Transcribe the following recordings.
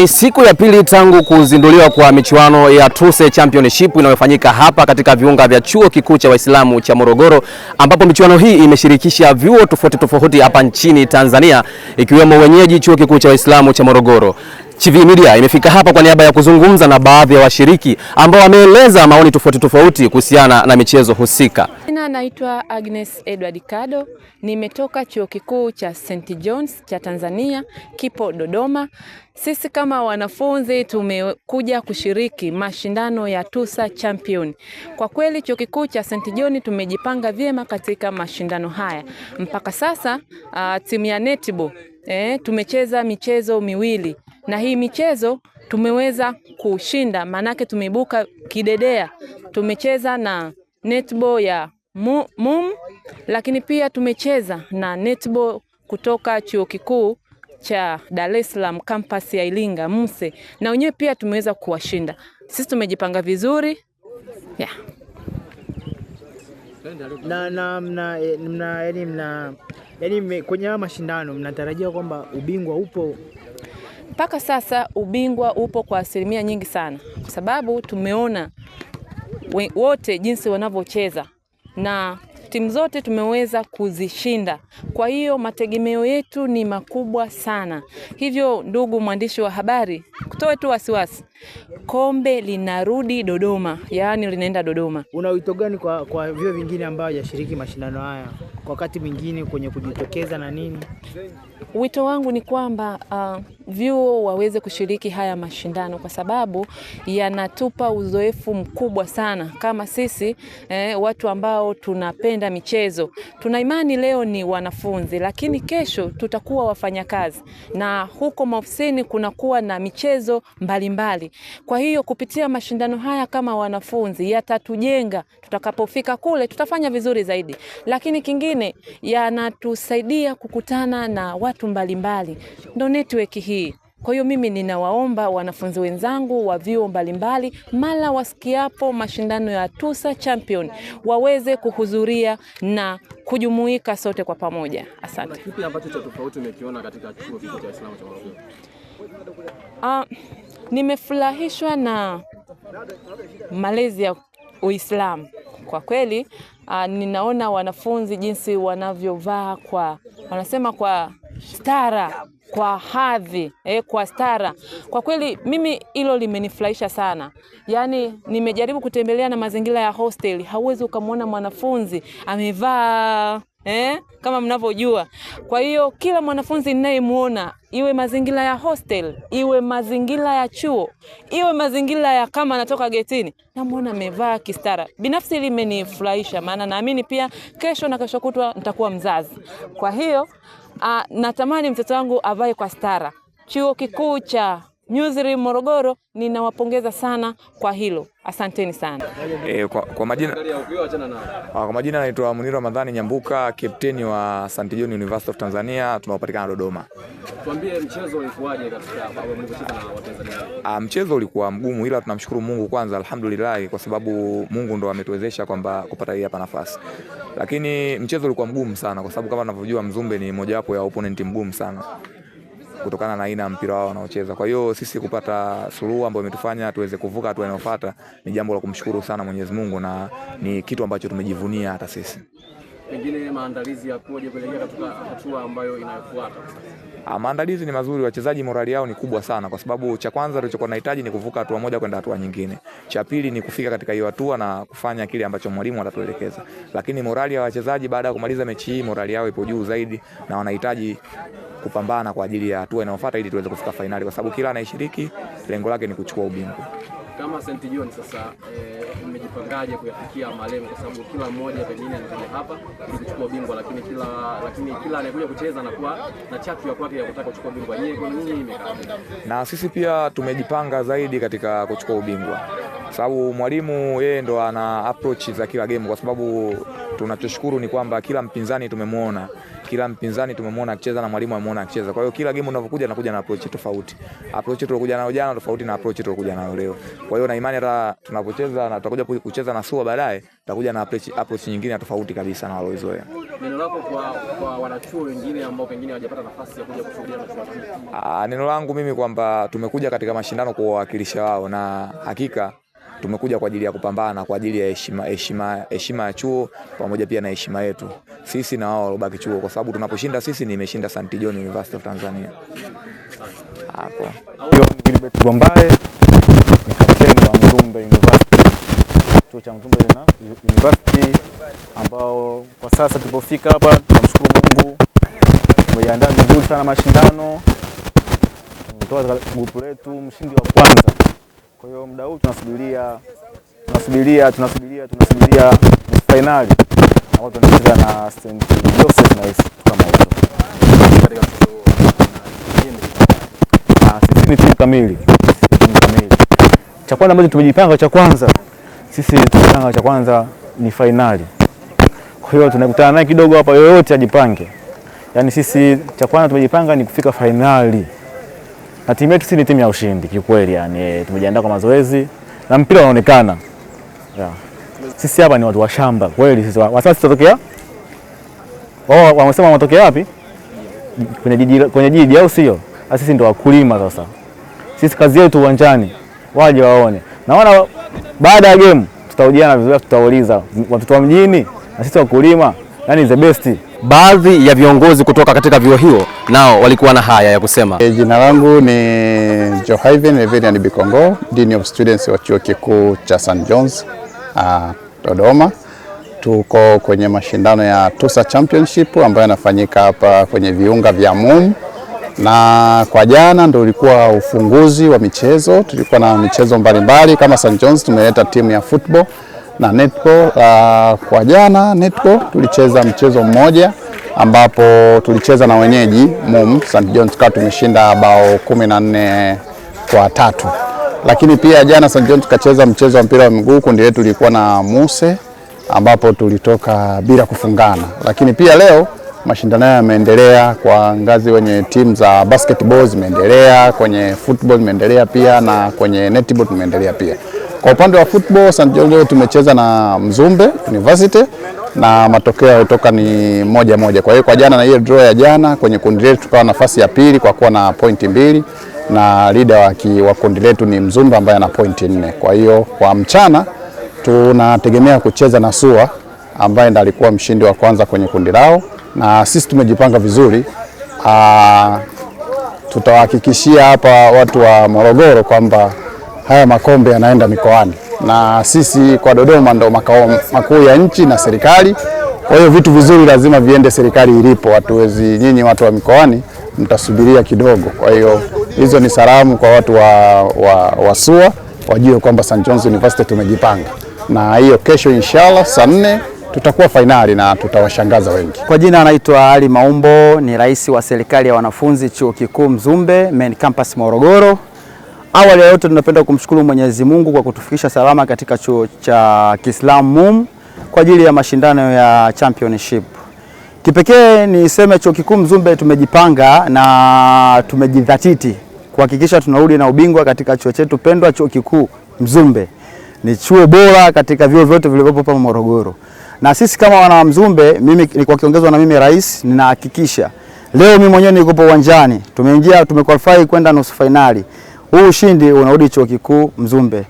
Ni siku ya pili tangu kuzinduliwa kwa michuano ya TUSE Championship inayofanyika hapa katika viunga vya Chuo Kikuu cha Waislamu cha Morogoro, ambapo michuano hii imeshirikisha vyuo tofauti tofauti hapa nchini Tanzania, ikiwemo wenyeji Chuo Kikuu cha Waislamu cha Morogoro. Chivihi Media imefika hapa kwa niaba ya kuzungumza na baadhi ya washiriki ambao wameeleza maoni tofauti tofauti kuhusiana na michezo husika. Jina naitwa Agnes Edward Kado, nimetoka Chuo Kikuu cha St John's cha Tanzania, kipo Dodoma. Sisi kama wanafunzi tumekuja kushiriki mashindano ya TUSA Champion. Kwa kweli Chuo Kikuu cha St John tumejipanga vyema katika mashindano haya. Mpaka sasa uh, timu ya netball eh, tumecheza michezo miwili na hii michezo tumeweza kushinda, maanake tumeibuka kidedea. Tumecheza na netball ya MUM, lakini pia tumecheza na netball kutoka chuo kikuu cha Dar es Salaam campus ya Ilinga Muse, na wenyewe pia tumeweza kuwashinda. Sisi tumejipanga vizuri yeah. Na, na, mna, eh, mna, yani mna, yani kwenye haya mashindano mnatarajia kwamba ubingwa upo mpaka sasa ubingwa upo kwa asilimia nyingi sana, kwa sababu tumeona wote jinsi wanavyocheza na timu zote tumeweza kuzishinda. Kwa hiyo mategemeo yetu ni makubwa sana. Hivyo, ndugu mwandishi wa habari, kutoe tu wasiwasi, kombe linarudi Dodoma, yaani linaenda Dodoma. Una wito gani kwa, kwa vyuo vingine ambao hajashiriki mashindano haya kwa wakati mwingine kwenye kujitokeza na nini? Wito wangu ni kwamba uh, vyuo waweze kushiriki haya mashindano kwa sababu yanatupa uzoefu mkubwa sana kama sisi eh, watu ambao tunapenda michezo. Tuna imani leo ni wanafunzi, lakini kesho tutakuwa wafanyakazi, na huko maofisini kunakuwa na michezo mbalimbali mbali. Kwa hiyo kupitia mashindano haya kama wanafunzi yatatujenga, tutakapofika kule tutafanya vizuri zaidi. Lakini kingine, yanatusaidia kukutana na watu mbalimbali, ndo network hii. Kwa hiyo mimi ninawaomba wanafunzi wenzangu wa vyuo mbalimbali, mara wasikiapo mashindano ya TUSA Champion waweze kuhudhuria na kujumuika sote kwa pamoja. Asante. Kipi ambacho cha tofauti umekiona katika chuo kikuu cha Islamu cha Morogoro? Ah, Nimefurahishwa na malezi ya Uislamu kwa kweli. Uh, ninaona wanafunzi jinsi wanavyovaa kwa wanasema kwa stara kwa hadhi eh, kwa stara. Kwa kweli mimi hilo limenifurahisha sana, yaani nimejaribu kutembelea na mazingira ya hostel, hauwezi ukamwona mwanafunzi amevaa eh, kama mnavyojua. Kwa hiyo kila mwanafunzi ninayemwona, iwe mazingira ya hostel, iwe mazingira ya chuo, iwe mazingira ya kama anatoka getini, namwona amevaa kistara. Binafsi hili limenifurahisha, maana naamini pia kesho na kesho kutwa nitakuwa mzazi. Kwa hiyo a, ah, natamani mtoto wangu avae kwa stara. Chuo kikuu cha Newsroom Morogoro, ninawapongeza sana kwa hilo, asanteni sana. E, kwa, kwa majina ah, kwa majina naitwa Munir Ramadhani Nyambuka, kapteni wa St. John University of Tanzania, tunaopatikana Dodoma. Tuambie mchezo ulikuwaje katika mlivyocheza na Watanzania? Ah, mchezo ulikuwa mgumu, ila tunamshukuru Mungu kwanza, alhamdulillah, kwa sababu Mungu ndo ametuwezesha kwamba kupata hii hapa nafasi, lakini mchezo ulikuwa mgumu sana, kwa sababu kama tunavyojua Mzumbe ni mojawapo ya opponent mgumu sana kutokana na aina ya mpira wao wanaocheza. Kwa hiyo sisi kupata suluhu ambayo imetufanya tuweze kuvuka hatua inayofuata ni jambo la kumshukuru sana Mwenyezi Mungu na ni kitu ambacho tumejivunia hata sisi. Pengine maandalizi yakoje kuelekea katika hatua ambayo inayofuata? Ah, maandalizi ni mazuri, wachezaji morali yao ni kubwa sana, kwa sababu cha kwanza tulichokuwa tunahitaji ni kuvuka hatua moja kwenda hatua nyingine, cha pili ni kufika katika hiyo hatua na kufanya kile ambacho mwalimu atatuelekeza. Lakini morali ya wachezaji baada ya kumaliza mechi hii, morali yao ipo juu zaidi na wanahitaji kupambana kwa ajili ya hatua inayofuata ili tuweze kufika fainali, kwa sababu kila anayeshiriki lengo lake ni kuchukua ubingwa kama St John sasa eh tupangaje kuyafikia malengo, kwa sababu kila mmoja pengine anakuja hapa ili kuchukua bingwa, lakini kila lakini kila anayekuja kucheza anakuwa na chatu ya kwake ya kutaka kuchukua bingwa. Yeye kwa nini imekaa? Na sisi pia tumejipanga zaidi katika kuchukua ubingwa, sababu mwalimu yeye ndo ana approach za kila game, kwa sababu tunachoshukuru ni kwamba kila mpinzani tumemwona kila mpinzani tumemwona akicheza na mwalimu amemwona akicheza. Kwa hiyo kila game unavyokuja nakuja na approach tofauti. Approach tulokuja nayo jana tofauti na approach tulokuja nayo leo. Kwa hiyo na imani hata tunapocheza na tutakuja kucheza na Sua baadaye, tutakuja na approach approach nyingine tofauti kabisa na waliozoea. Neno lako kwa kwa wanachuo wengine ambao pengine hawajapata nafasi ya kuja kushuhudia mashindano. Ah, neno langu mimi kwamba tumekuja katika mashindano kuwawakilisha wao na hakika tumekuja kwa ajili ya kupambana kwa ajili ya heshima, heshima, heshima ya chuo pamoja pia na heshima yetu sisi na wao walobaki chuo, kwa sababu tunaposhinda sisi, nimeshinda St. John University of Tanzania. Hapo Gilbert Gwambaye ni kapteni wa Mzumbe University, chuo cha Mzumbe University ambao kwa sasa tulipofika hapa, tunamshukuru Mungu tumejiandaa vizuri sana mashindano, tumetoa grupu letu mshindi wa kwanza kwa hiyo muda huu tunasubiria tunasubiria tunasubiria tunasubiria fainali ambao tunacheza na St Joseph na kama hizo. Sisi ni timu kamili, timu kamili. Cha kwanza ambacho tumejipanga, cha kwanza sisi tumejipanga, cha kwanza ni fainali. Kwa hiyo tunakutana naye kidogo hapa, yoyote ajipange. Yaani sisi cha kwanza tumejipanga ni kufika finali na timu yetu si ni timu ya ushindi kiukweli, yani eh, tumejiandaa kwa mazoezi na mpira unaonekana yeah. Sisi hapa ni watu wa shamba kweli, sisi wasasi tutatokea wao oh, wamesema wanatokea wapi? Kwenye jiji, kwenye jiji au sio? Ah, sisi ndio wakulima sasa. Sisi kazi yetu uwanjani, waje waone. Naona baada ya game tutaujiana vizuri, tutauliza watoto wa mjini na sisi wakulima yani the best. Baadhi ya viongozi kutoka katika vyuo hiyo nao walikuwa na haya ya kusema. E, jina langu ni Johaven Evelian Bikongo, Dean of Students wa Chuo Kikuu cha St John's ah, Dodoma. Tuko kwenye mashindano ya TUSA Championship ambayo yanafanyika hapa kwenye viunga vya MUM, na kwa jana ndio ulikuwa ufunguzi wa michezo. Tulikuwa na michezo mbalimbali kama St John's tumeleta timu ya football na Netco. Uh, ah, kwa jana Netco tulicheza mchezo mmoja ambapo tulicheza na wenyeji MUM St John Cat, tumeshinda bao kumi na nne kwa tatu, lakini pia jana St John tukacheza mchezo wa mpira wa miguu, kundi letu lilikuwa na Muse ambapo tulitoka bila kufungana, lakini pia leo mashindano hayo yameendelea kwa ngazi, wenye timu za basketball zimeendelea, kwenye football zimeendelea pia na kwenye netball zimeendelea pia. Kwa upande wa football St. George tumecheza na Mzumbe University na matokeo yalitoka ni moja moja. Kwa hiyo kwa jana na hiyo draw ya jana kwenye kundi letu tukawa nafasi ya pili kwa kuwa na pointi mbili na leader wa kundi letu ni Mzumbe ambaye ana pointi nne. Kwa hiyo kwa mchana tunategemea kucheza na SUA ambaye ndiye alikuwa mshindi wa kwanza kwenye kundi lao, na sisi tumejipanga vizuri. Ah, tutawahakikishia hapa watu wa Morogoro kwamba haya makombe yanaenda mikoani, na sisi kwa Dodoma ndo makao makuu ya nchi na serikali. Kwa hiyo vitu vizuri lazima viende serikali ilipo, hatuwezi nyinyi watu wa mikoani mtasubiria kidogo. Kwa hiyo hizo ni salamu kwa watu wa, wa, wa SUA wajue kwamba St. John's University tumejipanga na hiyo. Kesho inshallah saa nne tutakuwa fainali na tutawashangaza wengi. Kwa jina anaitwa Ali Maumbo, ni rais wa serikali ya wanafunzi chuo kikuu Mzumbe main campus Morogoro. Awali ya yote tunapenda kumshukuru Mwenyezi Mungu kwa kutufikisha salama katika chuo cha Kiislamu MUM kwa ajili ya mashindano ya championship. Kipekee niseme chuo kikuu Mzumbe tumejipanga na tumejidhatiti kuhakikisha tunarudi na ubingwa katika chuo chetu pendwa, chuo kikuu Mzumbe. Ni chuo bora katika vyuo vyote vilivyopo hapa Morogoro, na sisi kama wana wa Mzumbe, mimi ni kwa kiongozwa na mimi rais, ninahakikisha leo mimi mwenyewe niko uwanjani, tumeingia tumequalify kwenda nusu finali huu ushindi unarudi chuo kikuu Mzumbe.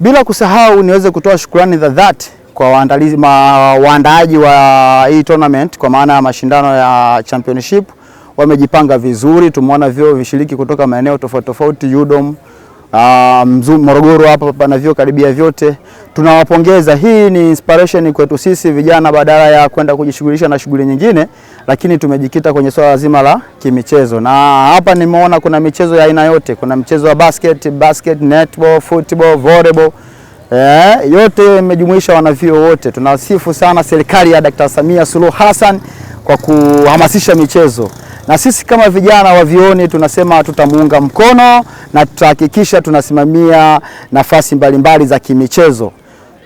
Bila kusahau niweze kutoa shukrani za dhati kwa waandalizi waandaaji wa hii tournament kwa maana ya mashindano ya championship, wamejipanga vizuri. Tumeona vyuo vishiriki kutoka maeneo tofauti tofauti, UDOM Uh, Morogoro hapa pana vyuo karibia vyote. Tunawapongeza, hii ni inspiration kwetu sisi vijana, badala ya kwenda kujishughulisha na shughuli nyingine, lakini tumejikita kwenye swala zima la kimichezo, na hapa nimeona kuna michezo ya aina yote. Kuna mchezo wa basket, basket, netball, football, volleyball eh, yote imejumuisha wanavyuo wote. Tunasifu sana serikali ya Dkt. Samia Suluhu Hassan kwa kuhamasisha michezo na sisi kama vijana wa Vioni tunasema tutamuunga mkono na tutahakikisha tunasimamia nafasi mbalimbali za kimichezo.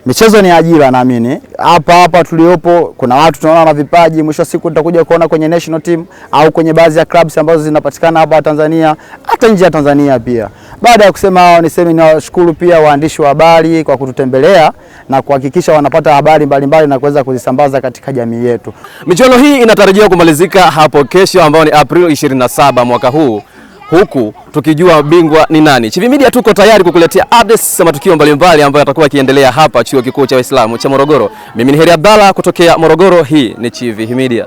Michezo ni ajira, naamini hapa hapa tuliopo kuna watu tunaona na vipaji, mwisho wa siku tutakuja kuona kwenye national team au kwenye baadhi ya clubs ambazo zinapatikana hapa Tanzania, hata nje ya Tanzania pia. Baada ya kusema hao, niseme niwashukuru pia waandishi wa habari kwa kututembelea na kuhakikisha wanapata habari mbalimbali na kuweza kuzisambaza katika jamii yetu. Michuano hii inatarajiwa kumalizika hapo kesho, ambayo ni Aprili 27 mwaka huu, huku tukijua bingwa ni nani. Chivihi Media tuko tayari kukuletea updates za matukio mbalimbali ambayo yatakuwa yakiendelea hapa Chuo Kikuu cha Waislamu cha Morogoro. Mimi ni Heri Abdalla kutokea Morogoro. Hii ni Chivihi Media.